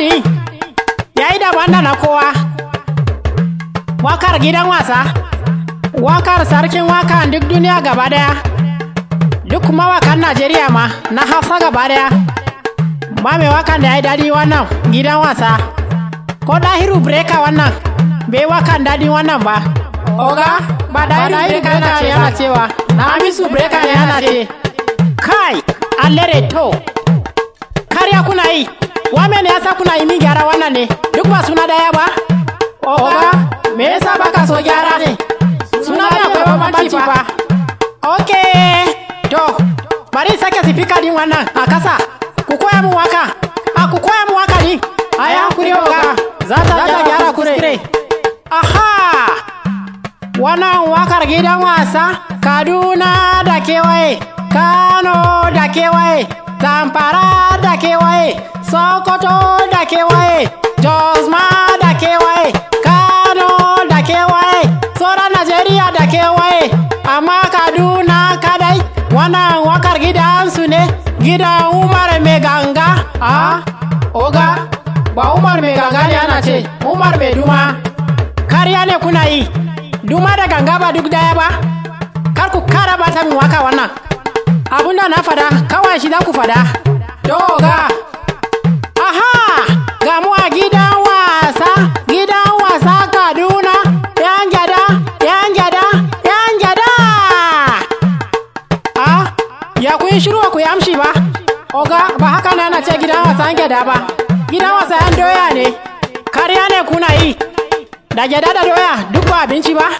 nishadi ya yi daban da na kowa wakar gidan wasa wakar sarkin waka duk duniya gaba daya duk wakan najeriya ma na hafsa gaba daya ba mai wakan da ya yi daɗi wannan gidan wasa ko dahiru breka wannan bai wakan daɗi wannan ba oga ba dahiru breka yana cewa na amisu breka yana ce kai lere to kariya kuna yi wamene asa kuna imi gyara wanane dukwa suna daya ba oga me baka so gyara ne suna da kwa bambanci ba okay to bari sake sifika din wannan a kasa mu waka a ah, ku mu waka ni a kuri oga za ta gyara kuskure aha wannan wakar gidan wasa kaduna da kewaye kano da kewaye zamfara da kewaye Sokoto da kewaye, Jos ma da kewaye, Kano da kewaye, sauran Najeriya da kewaye, amma Kaduna kadai wannan wakar gidansu ne, gidan Umar mai ganga. A, oga, ba Umar mai ganga ne ana ce, Umar mai duma. Kariya ne kuna yi, duma da ganga ba duk daya ba, kar ku kara ba ta waka wannan. Abunda na fada, kawai shi za ku fada. Yo! Ya kun shiru ku yi amshi ba? Oga ba haka na ce gidan wasan gyada ba. Gidan an doya ne. Kariya ne kuna yi. Da gyada da doya duk ba abinci ba?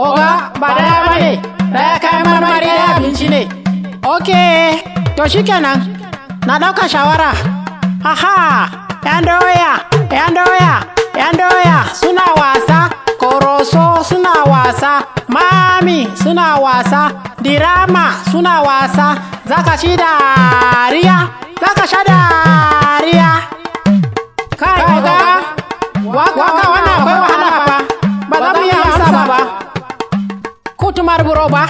Oga ba daya ba ne. Daya kayan marmari ya abinci ne. Ok, to kenan. Na ɗauka shawara. Aha, yan doya, yan doya, yan doya suna wasa, koroso suna wasa, ma Nami suna wasa, Dirama suna wasa, zaka ci dariya, zaka sha dariya. Kai ga, waka wannan akwai wahala ba, ba za mu yi amsa ba. Kutumar buro ba,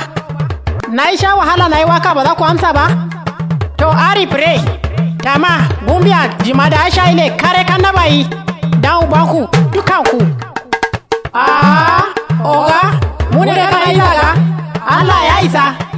na yi sha wahala na yi waka ba za ku amsa ba? To Ari Pray, Tama, Gumbiya, Jimada, Aisha ile, kare kan na bayi, dan ubanku, dukanku. Eliza.